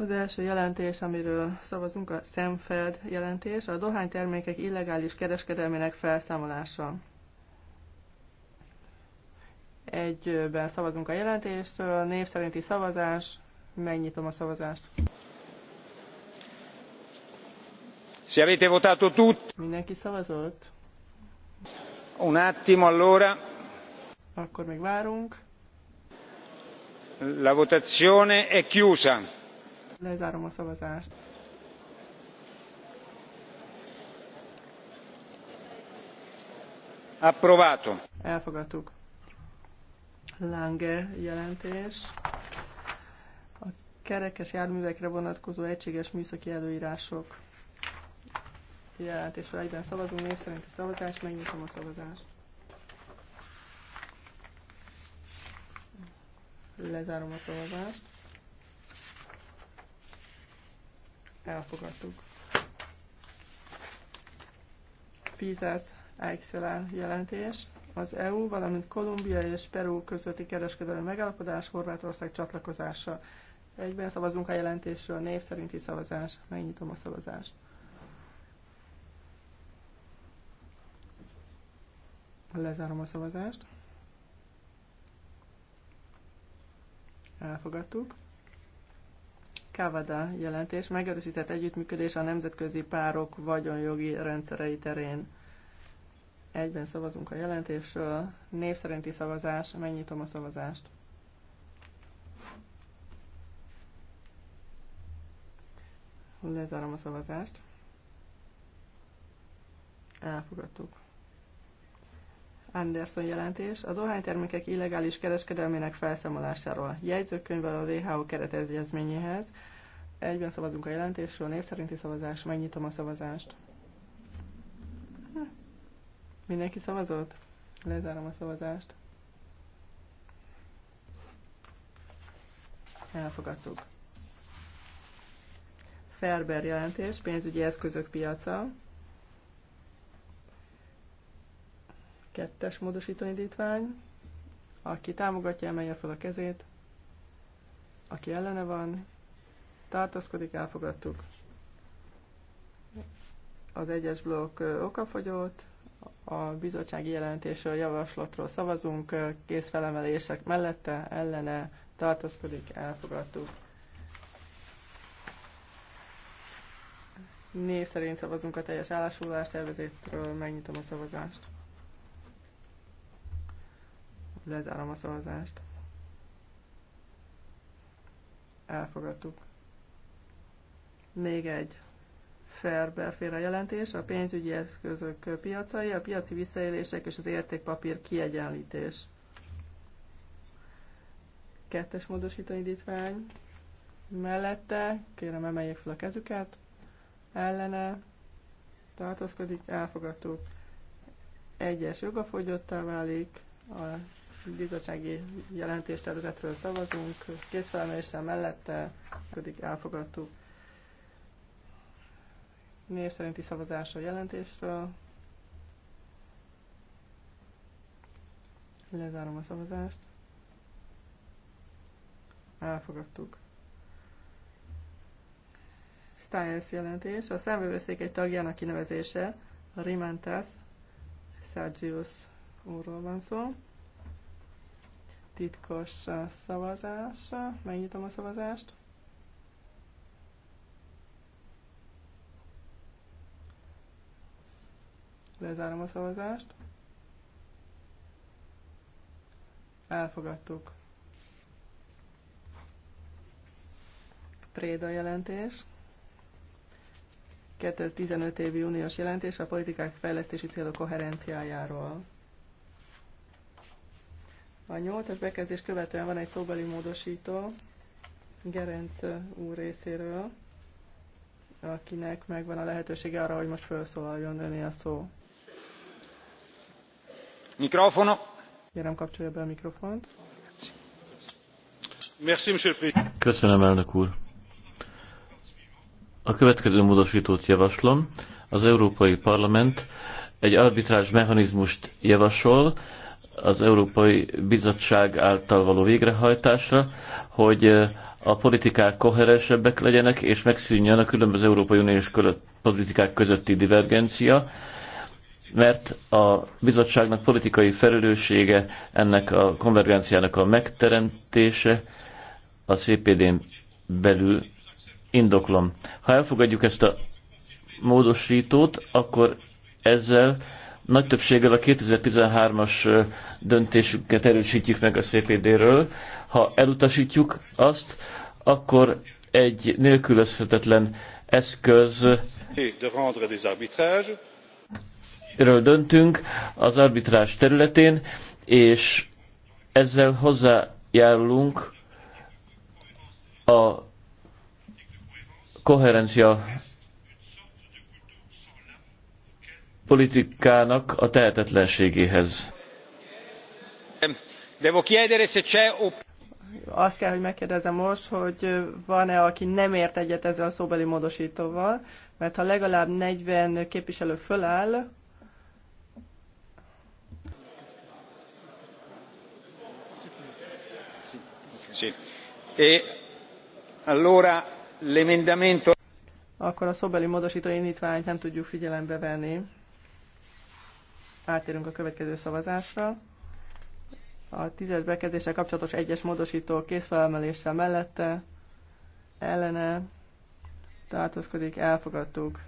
Az első jelentés, amiről szavazunk, a Szemfeld jelentés, a dohánytermékek illegális kereskedelmének felszámolása. Egyben szavazunk a jelentésről, név szerinti szavazás, megnyitom a szavazást. Se avete votato tutti. Mindenki szavazott? Un attimo allora. Akkor még várunk. La votazione è chiusa Lezárom a szavazást. Approvato. Elfogadtuk. Lange jelentés. A kerekes járművekre vonatkozó egységes műszaki előírások jelentésre egyben szavazunk, név szerinti szavazás megnyitom a szavazást. Lezárom a szavazást. elfogadtuk. Pizas Excel jelentés. Az EU, valamint Kolumbia és Peru közötti kereskedelmi megállapodás Horvátország csatlakozása. Egyben szavazunk a jelentésről, név szerinti szavazás. Megnyitom a szavazást. Lezárom a szavazást. Elfogadtuk. Kavada jelentés megerősített együttműködés a nemzetközi párok vagyonjogi rendszerei terén. Egyben szavazunk a jelentésről. Név szerinti szavazás. Megnyitom a szavazást. Lezárom a szavazást. Elfogadtuk. Anderson jelentés a dohánytermékek illegális kereskedelmének felszámolásáról. Jegyzőkönyv a WHO keretezményéhez. Egyben szavazunk a jelentésről, név szerinti szavazás, megnyitom a szavazást. Mindenki szavazott? Lezárom a szavazást. Elfogadtuk. Ferber jelentés, pénzügyi eszközök piaca. Kettes indítvány. Aki támogatja, emelje fel a kezét. Aki ellene van, tartózkodik, elfogadtuk. Az egyes blokk okafogyott, a bizottsági jelentésről, javaslatról szavazunk, készfelemelések mellette, ellene, tartózkodik, elfogadtuk. Név szerint szavazunk a teljes állásfoglalás tervezétről, megnyitom a szavazást. Lezárom a szavazást. Elfogadtuk. Még egy Ferberféle jelentés, a pénzügyi eszközök piacai, a piaci visszaélések és az értékpapír kiegyenlítés. Kettes módosító indítvány. Mellette, kérem emeljék fel a kezüket, ellene, tartózkodik, elfogadtuk. Egyes jogafogyottá válik, a bizottsági jelentéstervezetről szavazunk, készfelemeléssel mellette, pedig elfogadtuk név szerinti szavazás a jelentésről. Lezárom a szavazást. Elfogadtuk. Stiles jelentés. A számvevőszék egy tagjának kinevezése, a Sergius úrról van szó titkos szavazás. Megnyitom a szavazást. Lezárom a szavazást. Elfogadtuk. Préda jelentés. 2015 évi uniós jelentés a politikák fejlesztési célok koherenciájáról. A nyolcas bekezdés követően van egy szóbeli módosító Gerenc úr részéről, akinek megvan a lehetősége arra, hogy most felszólaljon öné a szó. Mikrofono. Kérem, kapcsolja be a mikrofont. Köszönöm, elnök úr. A következő módosítót javaslom. Az Európai Parlament egy arbitrás mechanizmust javasol, az Európai Bizottság által való végrehajtásra, hogy eh, a politikák koherensebbek legyenek, és megszűnjön a különböző Európai Uniós politikák közötti divergencia, mert a bizottságnak politikai felelőssége ennek a konvergenciának a megteremtése a CPD-n belül indoklom. Ha elfogadjuk ezt a módosítót, akkor ezzel nagy többséggel a 2013-as döntésünket erősítjük meg a CPD-ről. Ha elutasítjuk azt, akkor egy nélkülözhetetlen eszköz ről döntünk az arbitrás területén, és ezzel hozzájárulunk a koherencia politikának a tehetetlenségéhez. Devo chiedere se c'è op- azt kell, hogy megkérdezem most, hogy van-e, aki nem ért egyet ezzel a szóbeli módosítóval, mert ha legalább 40 képviselő föláll, e Akkor a szóbeli módosító indítványt nem tudjuk figyelembe venni. Átérünk a következő szavazásra. A tízes bekezdéssel kapcsolatos egyes módosító készfelemeléssel mellette, ellene tartozkodik, elfogadtuk.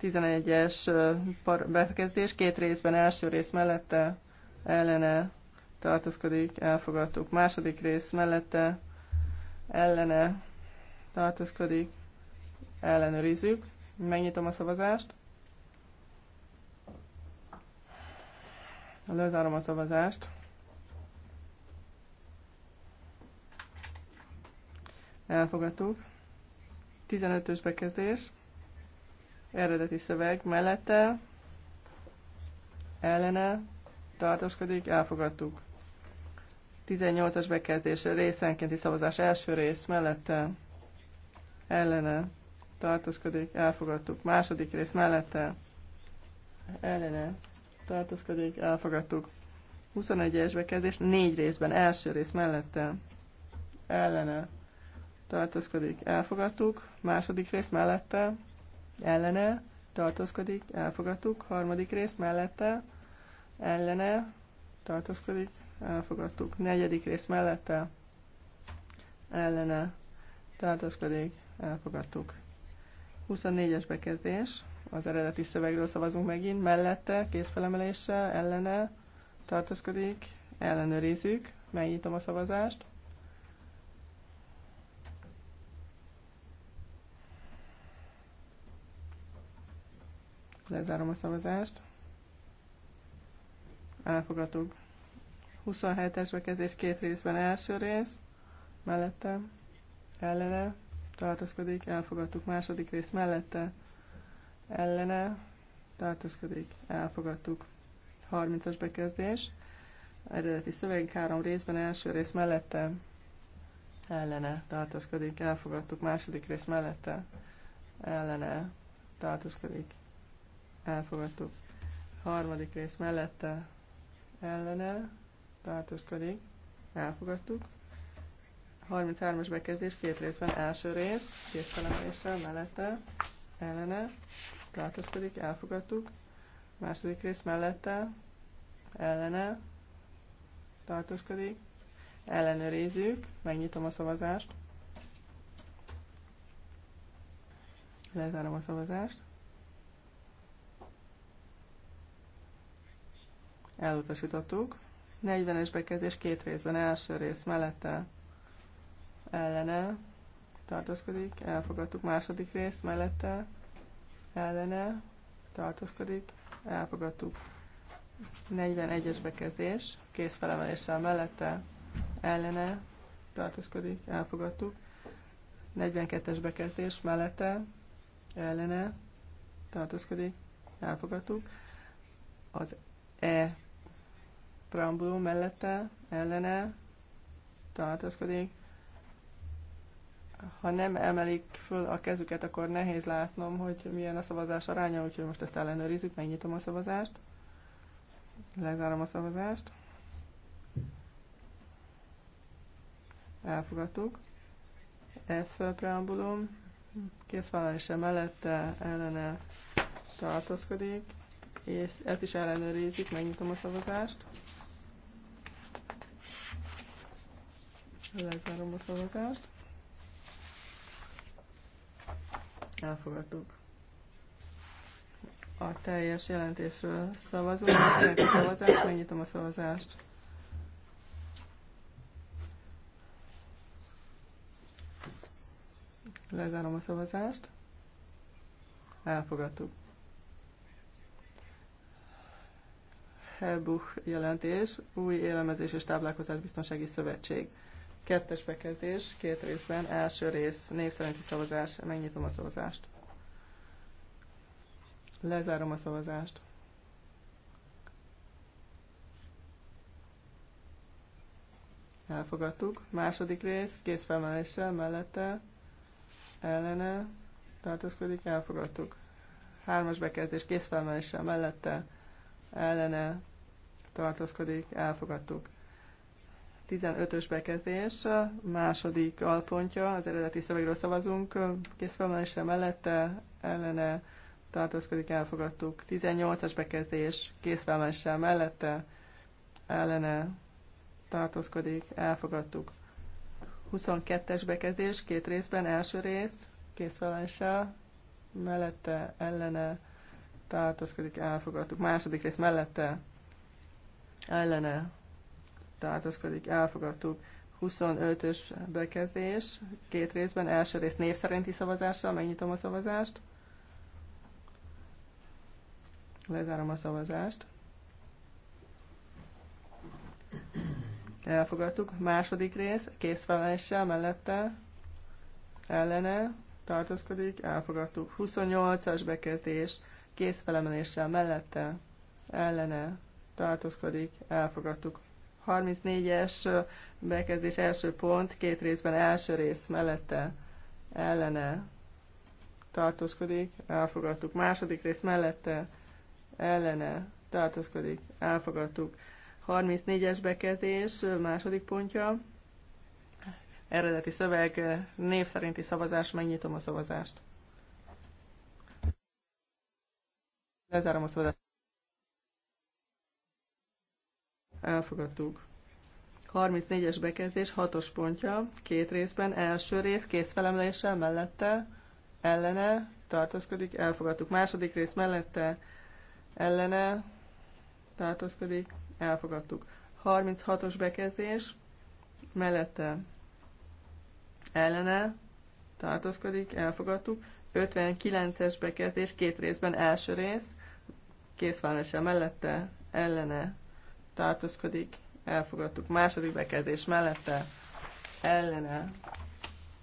11-es bekezdés, két részben, első rész mellette, ellene tartozkodik, elfogadtuk. Második rész mellette, ellene tartozkodik, ellenőrizzük. Megnyitom a szavazást. Lezárom a szavazást. Elfogadtuk. 15-ös bekezdés. Eredeti szöveg mellette, ellene, Tartoskodik. elfogadtuk. 18-as bekezdés részenkénti szavazás első rész mellette, ellene, Tartoskodik. elfogadtuk. Második rész mellette, ellene, tartózkodik, elfogadtuk. 21-es bekezdés, négy részben, első rész mellette, ellene, tartózkodik, elfogadtuk. Második rész mellette, ellene, tartózkodik, elfogadtuk. Harmadik rész mellette, ellene, tartózkodik, elfogadtuk. Negyedik rész mellette, ellene, tartózkodik, elfogadtuk. 24-es bekezdés, az eredeti szövegről szavazunk megint, mellette, kézfelemeléssel, ellene, tartózkodik, ellenőrizzük, megnyitom a szavazást. Lezárom a szavazást. Elfogadtuk. 27-es bekezdés két részben első rész, mellette, ellene, tartozkodik, elfogadtuk második rész mellette, ellene tartózkodik, elfogadtuk. 30-as bekezdés, eredeti szöveg három részben, első rész mellette ellene tartózkodik, elfogadtuk, második rész mellette ellene tartózkodik, elfogadtuk. Harmadik rész mellette ellene tartózkodik, elfogadtuk. 33-as bekezdés két részben, első rész, két mellette, ellene, tartózkodik, elfogadtuk. Második rész mellette, ellene, tartózkodik, ellenőrizzük, megnyitom a szavazást. Lezárom a szavazást. Elutasítottuk. 40-es bekezdés két részben, első rész mellette ellene tartózkodik, elfogadtuk második rész mellette ellene tartózkodik, elfogadtuk. 41-es bekezdés, kész felemeléssel mellette, ellene tartózkodik, elfogadtuk. 42-es bekezdés mellette, ellene tartózkodik, elfogadtuk. Az E preambulum mellette, ellene tartózkodik, ha nem emelik föl a kezüket, akkor nehéz látnom, hogy milyen a szavazás aránya, úgyhogy most ezt ellenőrizzük, megnyitom a szavazást. Lezárom a szavazást. Elfogadtuk. F preambulum. Készvállalása mellette ellene tartózkodik, és ezt is ellenőrizzük, megnyitom a szavazást. Lezárom a szavazást. Elfogadtuk. A teljes jelentésről szavazunk. a szavazást, megnyitom a szavazást. Lezárom a szavazást. Elfogadtuk. Helbuch jelentés, új élemezés és táplálkozás biztonsági szövetség. Kettes bekezdés, két részben, első rész, név szerinti szavazás, megnyitom a szavazást. Lezárom a szavazást. Elfogadtuk. Második rész, felmeléssel, mellette, ellene, tartózkodik, elfogadtuk. Hármas bekezdés, felmeléssel, mellette, ellene, tartózkodik, elfogadtuk. 15-ös bekezdés, második alpontja, az eredeti szövegről szavazunk, készfelmelése mellette ellene tartózkodik, elfogadtuk. 18-as bekezdés, készfelmelése mellette ellene tartózkodik, elfogadtuk. 22-es bekezdés, két részben, első rész, készfelmeléssel, mellette ellene tartózkodik, elfogadtuk. Második rész mellette ellene tartózkodik, elfogadtuk. 25-ös bekezdés, két részben, első rész név szerinti szavazással, megnyitom a szavazást. Lezárom a szavazást. Elfogadtuk. Második rész, készfeleléssel, mellette, ellene, tartózkodik, elfogadtuk. 28-as bekezdés, készfelemeléssel, mellette, ellene, tartózkodik, elfogadtuk. 34-es bekezdés első pont, két részben első rész mellette ellene tartózkodik, elfogadtuk. Második rész mellette ellene tartózkodik, elfogadtuk. 34-es bekezdés második pontja. Eredeti szöveg, név szerinti szavazás, megnyitom a szavazást. Lezárom a szavazást. elfogadtuk. 34-es bekezdés, 6-os pontja, két részben, első rész készfelemeléssel mellette, ellene, tartózkodik, elfogadtuk. Második rész mellette, ellene, tartózkodik, elfogadtuk. 36-os bekezdés, mellette, ellene, tartózkodik, elfogadtuk. 59-es bekezdés, két részben, első rész, készfelemeléssel mellette, ellene, tartózkodik, elfogadtuk. Második bekezdés mellette ellene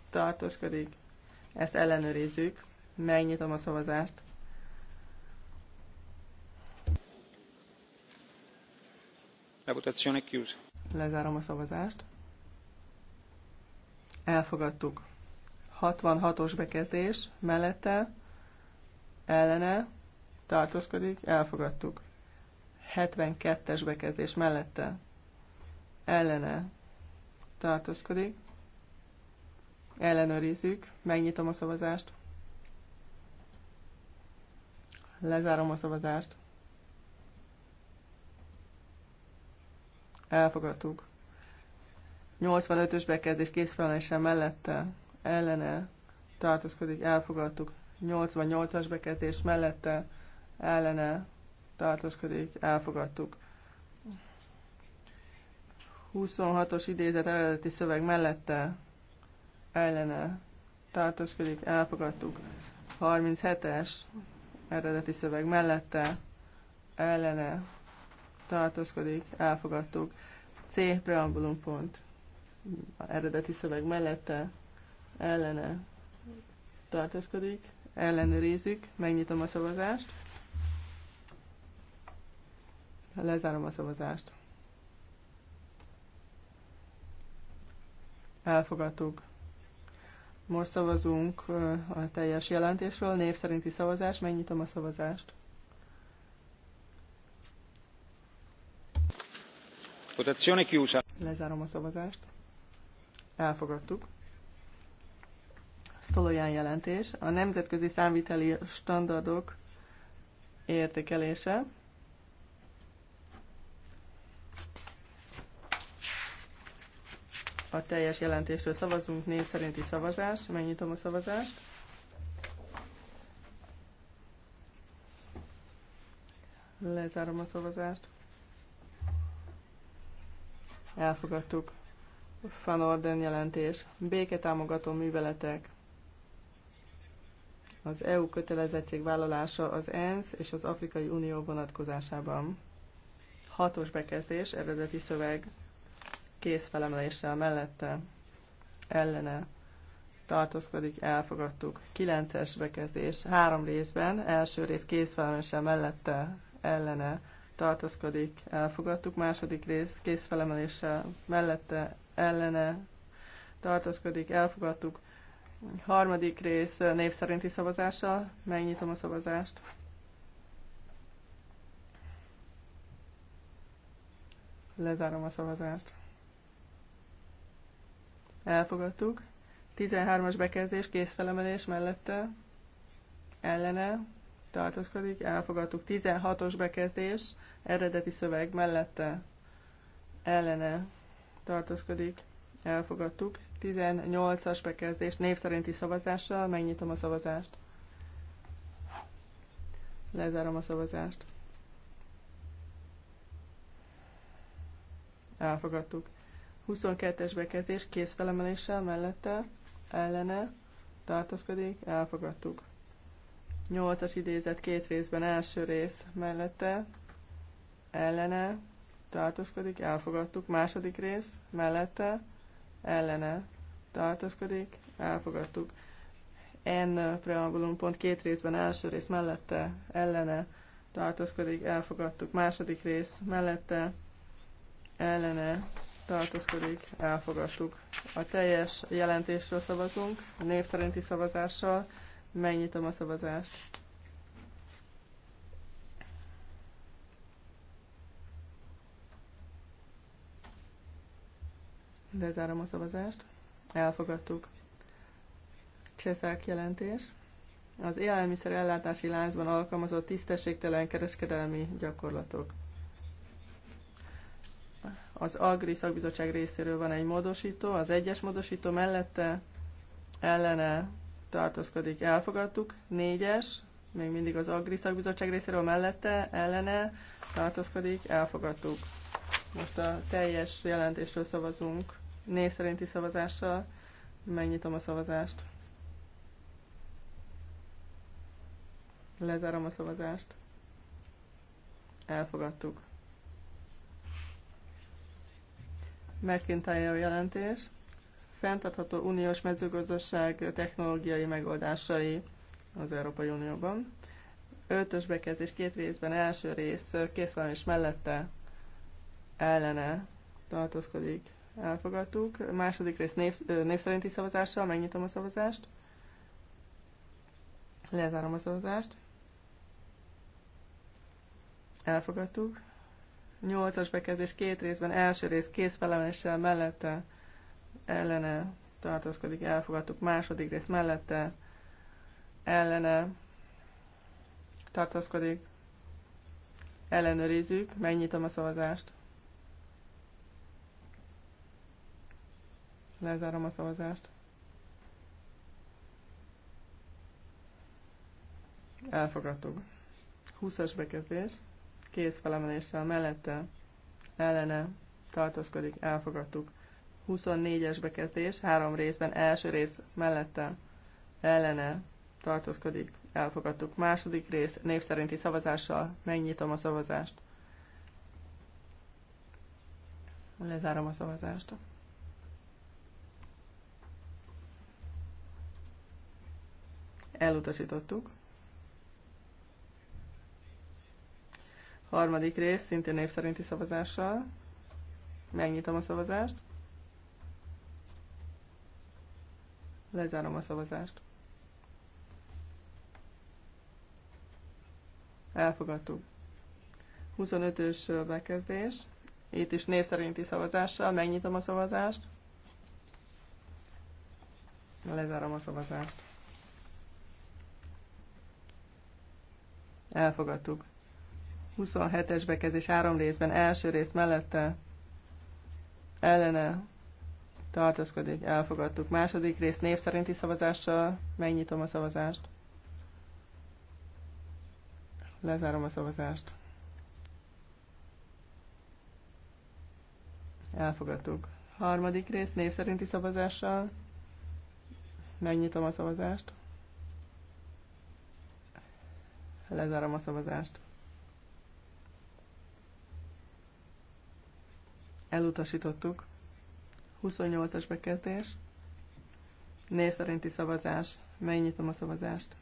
tartózkodik, ezt ellenőrizzük, megnyitom a szavazást. La votazione chiusa. Lezárom a szavazást. Elfogadtuk. 66-os bekezdés mellette ellene tartózkodik, elfogadtuk. 72-es bekezdés mellette ellene tartózkodik. Ellenőrizzük, megnyitom a szavazást. Lezárom a szavazást. Elfogadtuk. 85-ös bekezdés készfelelése mellette ellene tartózkodik, elfogadtuk. 88-as bekezdés mellette ellene tartózkodik, elfogadtuk. 26-os idézet eredeti szöveg mellette ellene tartózkodik, elfogadtuk. 37-es eredeti szöveg mellette ellene tartózkodik, elfogadtuk. C. Preambulum pont. Eredeti szöveg mellette ellene tartózkodik, ellenőrizzük, megnyitom a szavazást. Lezárom a szavazást. Elfogadtuk. Most szavazunk a teljes jelentésről. Név szerinti szavazás. Megnyitom a szavazást. chiusa. Lezárom a szavazást. Elfogadtuk. Szoloján jelentés. A nemzetközi számviteli standardok értékelése. A teljes jelentésről szavazunk, név szerinti szavazás. Megnyitom a szavazást. Lezárom a szavazást. Elfogadtuk. Van Orden jelentés. Béketámogató műveletek. Az EU kötelezettség vállalása az ENSZ és az Afrikai Unió vonatkozásában. Hatos bekezdés, eredeti szöveg kész mellette ellene tartózkodik, elfogadtuk. Kilences bekezdés három részben, első rész kész mellette ellene tartózkodik, elfogadtuk. Második rész kész mellette ellene tartózkodik, elfogadtuk. Harmadik rész név szerinti szavazással, megnyitom a szavazást. Lezárom a szavazást elfogadtuk. 13-as bekezdés, készfelemelés mellette, ellene, tartózkodik, elfogadtuk. 16-os bekezdés, eredeti szöveg mellette, ellene, tartózkodik, elfogadtuk. 18-as bekezdés, név szerinti szavazással, megnyitom a szavazást. Lezárom a szavazást. Elfogadtuk. 22-es bekezdés készfelemeléssel mellette ellene tartózkodik, elfogadtuk. 8-as idézet két részben első rész mellette ellene tartózkodik, elfogadtuk. Második rész mellette ellene tartózkodik, elfogadtuk. N preambulum pont két részben első rész mellette ellene tartózkodik, elfogadtuk. Második rész mellette ellene tartózkodik, elfogadtuk. A teljes jelentésről szavazunk, a név szerinti szavazással. Megnyitom a szavazást. Bezárom a szavazást. Elfogadtuk. Cseszák jelentés. Az élelmiszer ellátási láncban alkalmazott tisztességtelen kereskedelmi gyakorlatok. Az Agri Szakbizottság részéről van egy módosító, az egyes módosító mellette ellene tartózkodik, elfogadtuk. Négyes, még mindig az Agri Szakbizottság részéről mellette ellene tartózkodik, elfogadtuk. Most a teljes jelentésről szavazunk név szerinti szavazással. Megnyitom a szavazást. Lezárom a szavazást. Elfogadtuk. McIntyre jelentés, fenntartható uniós mezőgazdaság technológiai megoldásai az Európai Unióban. Ötös bekezdés két részben, első rész kész van és mellette ellene tartózkodik, elfogadtuk. második rész név, név szerinti szavazással, megnyitom a szavazást. Lezárom a szavazást. Elfogadtuk. Nyolcas bekezdés két részben, első rész készfelemeléssel mellette ellene tartózkodik, elfogadtuk, második rész mellette ellene tartózkodik, ellenőrizzük, megnyitom a szavazást. Lezárom a szavazást. Elfogadtuk. 20-as bekezdés kész felemeléssel mellette ellene tartózkodik, elfogadtuk. 24-es bekezdés, három részben, első rész mellette ellene tartózkodik, elfogadtuk. Második rész név szerinti szavazással megnyitom a szavazást. Lezárom a szavazást. Elutasítottuk. Harmadik rész, szintén név szerinti szavazással. Megnyitom a szavazást. Lezárom a szavazást. Elfogadtuk. 25-ös bekezdés. Itt is név szerinti szavazással megnyitom a szavazást. Lezárom a szavazást. Elfogadtuk. 27-es bekezdés három részben, első rész mellette ellene tartózkodik, elfogadtuk. Második rész név szerinti szavazással megnyitom a szavazást. Lezárom a szavazást. Elfogadtuk. Harmadik rész név szerinti szavazással. Megnyitom a szavazást. Lezárom a szavazást. elutasítottuk. 28-as bekezdés, név szerinti szavazás, megnyitom a szavazást.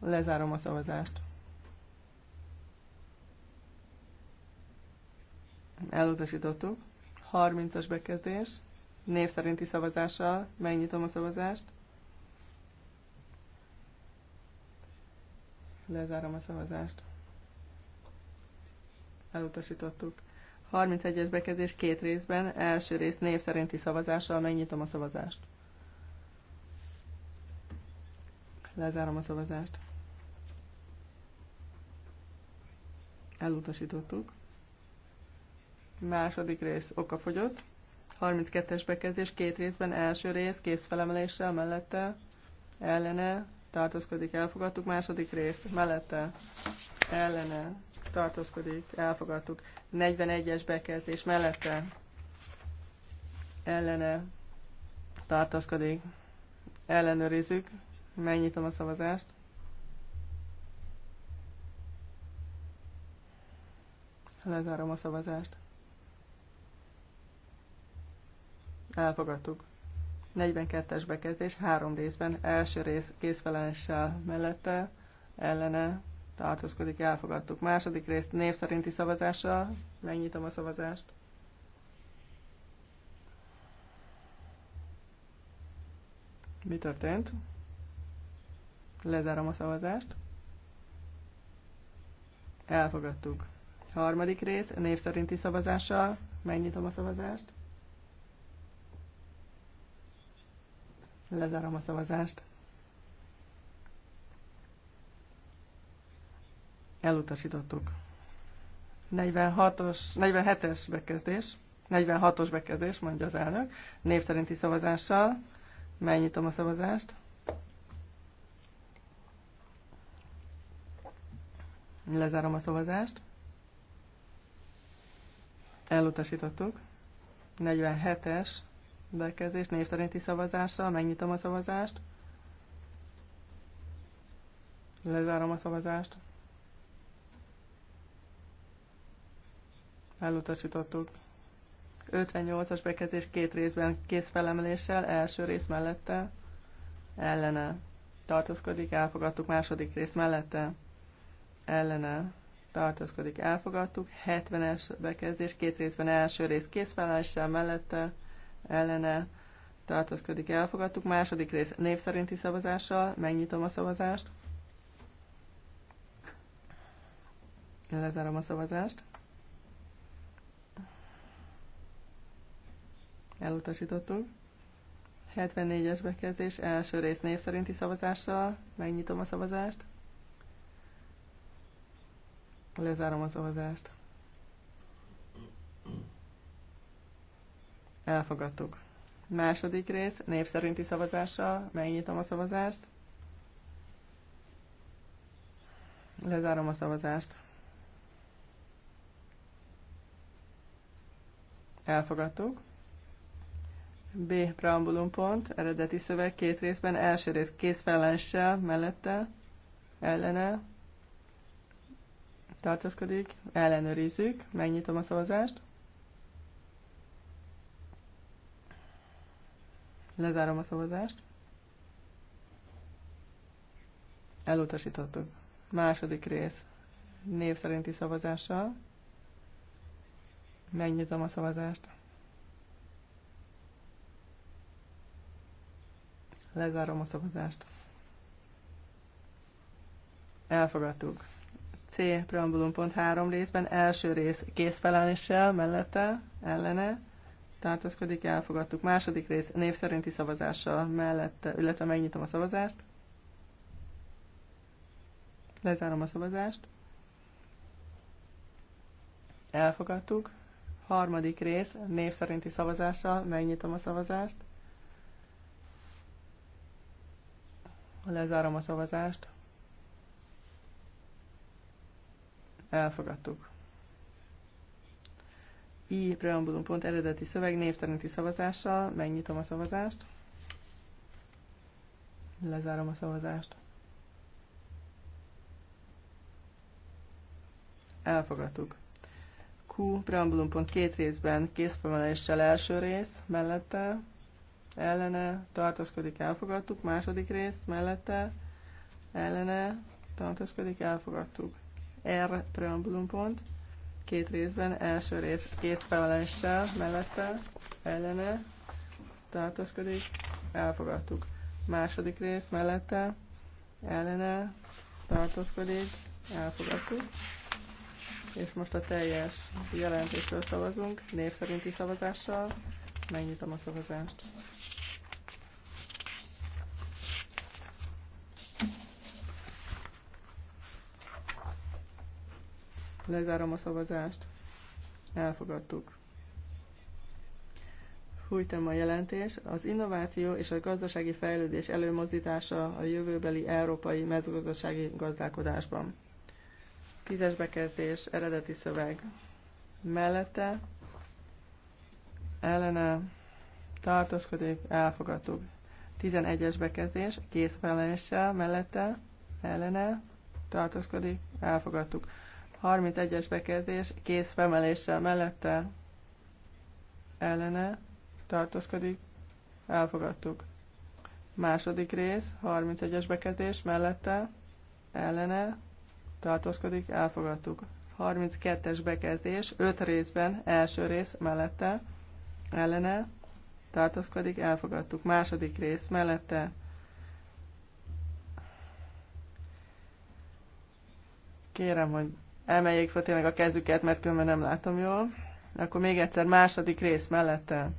Lezárom a szavazást. Elutasítottuk. 30-as bekezdés, név szerinti szavazással, megnyitom a szavazást. Lezárom a szavazást elutasítottuk. 31-es bekezdés két részben, első rész név szerinti szavazással megnyitom a szavazást. Lezárom a szavazást. Elutasítottuk. Második rész okafogyott. 32-es bekezdés két részben, első rész készfelemeléssel mellette, ellene, tartózkodik, elfogadtuk. Második rész mellette ellene tartózkodik, elfogadtuk. 41-es bekezdés mellette ellene tartózkodik, ellenőrizzük. Megnyitom a szavazást. Lezárom a szavazást. Elfogadtuk. 42-es bekezdés három részben, első rész készfelenssel mellette, ellene tartózkodik, elfogadtuk. Második részt név szerinti szavazással, megnyitom a szavazást. Mi történt? Lezárom a szavazást. Elfogadtuk. Harmadik rész, név szerinti szavazással. Megnyitom a szavazást. Lezárom a szavazást. Elutasítottuk. 46-os, 47-es bekezdés, 46-os bekezdés, mondja az elnök, név szerinti szavazással. Megnyitom a szavazást. Lezárom a szavazást. Elutasítottuk. 47-es rendelkezés név szerinti szavazással. Megnyitom a szavazást. Lezárom a szavazást. Elutasítottuk. 58-as bekezdés két részben kész felemeléssel, első rész mellette, ellene. Tartózkodik, elfogadtuk második rész mellette, ellene. Tartózkodik, elfogadtuk. 70-es bekezdés két részben első rész kész készfelemeléssel mellette, ellene tartozkodik, elfogadtuk. Második rész név szerinti szavazással, megnyitom a szavazást. Lezárom a szavazást. Elutasítottuk. 74-es bekezdés, első rész név szerinti szavazással, megnyitom a szavazást. Lezárom a szavazást. Elfogadtuk. Második rész, név szerinti szavazással. Megnyitom a szavazást. Lezárom a szavazást. Elfogadtuk. B. Preambulum pont, eredeti szöveg két részben, első rész készfellenssel, mellette, ellene, tartózkodik, ellenőrizzük, megnyitom a szavazást. Lezárom a szavazást. Elutasítottuk. Második rész. Név szerinti szavazással. Megnyitom a szavazást. Lezárom a szavazást. Elfogadtuk. C. Preambulum.3 pont három részben. Első rész készfelelnéssel mellette, ellene tartózkodik, elfogadtuk. Második rész név szerinti szavazással mellett, illetve megnyitom a szavazást. Lezárom a szavazást. Elfogadtuk. Harmadik rész név szerinti szavazással megnyitom a szavazást. Lezárom a szavazást. Elfogadtuk. I preambulum pont eredeti szöveg név szerinti szavazással. Megnyitom a szavazást. Lezárom a szavazást. Elfogadtuk. Q preambulum pont két részben készfemeléssel első rész mellette ellene tartozkodik, elfogadtuk. Második rész mellette ellene tartozkodik, elfogadtuk. R preambulum pont két részben. Első rész készfeleléssel, mellette, ellene, tartózkodik, elfogadtuk. Második rész mellette, ellene, tartózkodik, elfogadtuk. És most a teljes jelentésről szavazunk, név szerinti szavazással. Megnyitom a szavazást. Lezárom a szavazást. Elfogadtuk. Hújtem a jelentés. Az innováció és a gazdasági fejlődés előmozdítása a jövőbeli európai mezőgazdasági gazdálkodásban. Tízes bekezdés, eredeti szöveg. Mellette, ellene, tartózkodik, elfogadtuk. 11-es bekezdés, készfelelőssel, mellette, ellene, tartózkodik, elfogadtuk. 31-es bekezdés kész femeléssel mellette ellene tartózkodik, elfogadtuk. Második rész, 31-es bekezdés mellette ellene tartózkodik, elfogadtuk. 32-es bekezdés, 5 részben, első rész mellette ellene tartózkodik, elfogadtuk. Második rész mellette kérem, hogy emeljék fel tényleg a kezüket, mert különben nem látom jól. Akkor még egyszer második rész mellette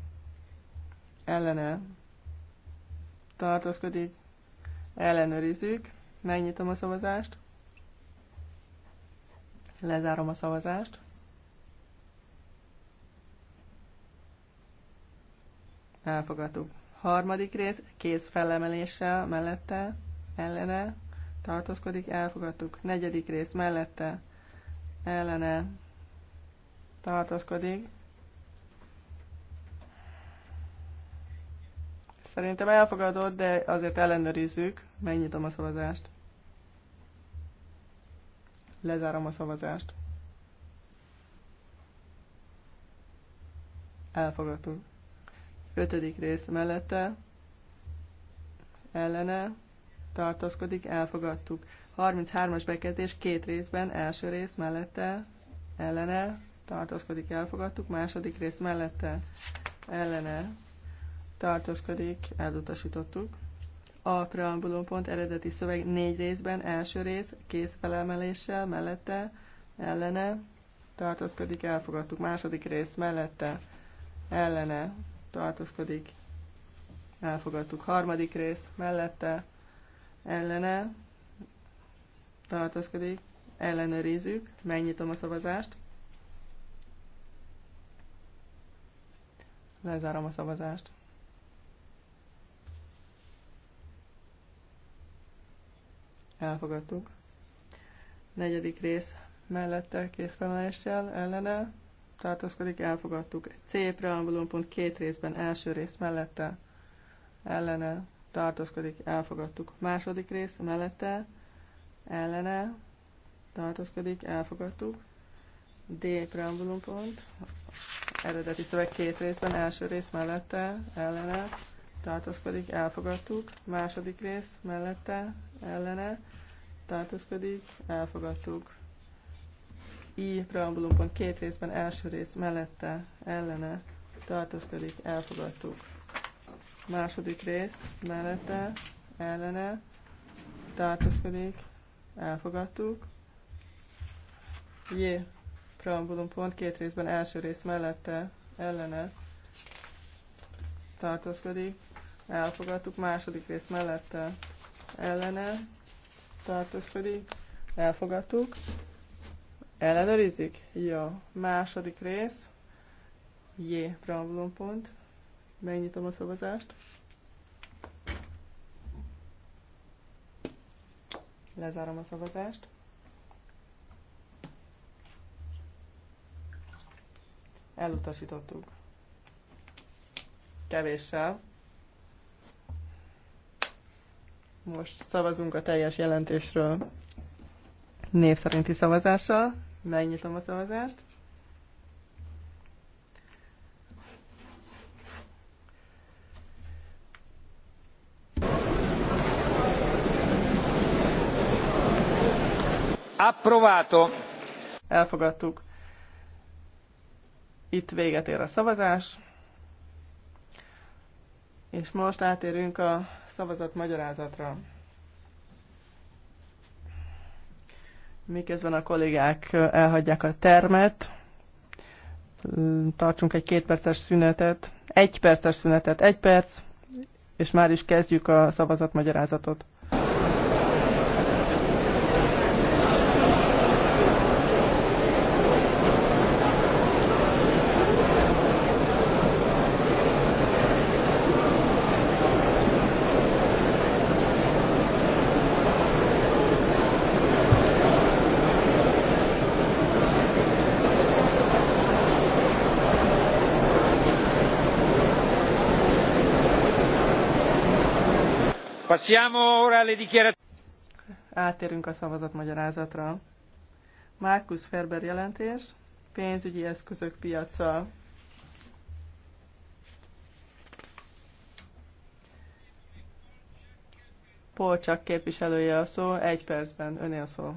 ellene tartózkodik, ellenőrizzük, megnyitom a szavazást, lezárom a szavazást. Elfogadtuk. Harmadik rész, kéz felemeléssel, mellette, ellene, tartózkodik, elfogadtuk. Negyedik rész, mellette, ellene tartozkodik. Szerintem elfogadott, de azért ellenőrizzük. Megnyitom a szavazást. Lezárom a szavazást. Elfogadtuk. Ötödik rész mellette ellene tartozkodik, elfogadtuk. 33-as bekezdés két részben, első rész mellette, ellene, tartózkodik, elfogadtuk, második rész mellette, ellene, tartózkodik, elutasítottuk. A preambulum pont eredeti szöveg négy részben, első rész felemeléssel mellette, ellene, tartózkodik, elfogadtuk. Második rész mellette, ellene, tartózkodik, elfogadtuk. Harmadik rész mellette, ellene, tartózkodik, ellenőrizzük, megnyitom a szavazást, lezárom a szavazást. Elfogadtuk. Negyedik rész mellette készfeleléssel ellene tartózkodik, elfogadtuk. C preambulum pont két részben, első rész mellette ellene tartózkodik, elfogadtuk. Második rész mellette ellene tartózkodik, elfogadtuk. D preambulum pont, eredeti szöveg két részben, első rész mellette, ellene, tartózkodik, elfogadtuk. Második rész mellette, ellene, tartózkodik, elfogadtuk. I preambulum pont két részben, első rész mellette, ellene, tartózkodik, elfogadtuk. Második rész mellette, ellene, tartózkodik, elfogadtuk. J. Preambulum pont két részben első rész mellette ellene tartózkodik. Elfogadtuk. Második rész mellette ellene tartózkodik. Elfogadtuk. Ellenőrizik? Jó. Második rész. J. Preambulum pont. Megnyitom a szavazást. Lezárom a szavazást. Elutasítottuk. Kevéssel. Most szavazunk a teljes jelentésről név szerinti szavazással. Megnyitom a szavazást. Approvato. Elfogadtuk. Itt véget ér a szavazás. És most átérünk a szavazat magyarázatra. Miközben a kollégák elhagyják a termet, tartsunk egy két perces szünetet, egy perces szünetet, egy perc, és már is kezdjük a szavazat magyarázatot. áttérünk a szavazatmagyarázatra. Markus Ferber jelentés, pénzügyi eszközök piaca. Polcsak képviselője a szó, egy percben önél szó.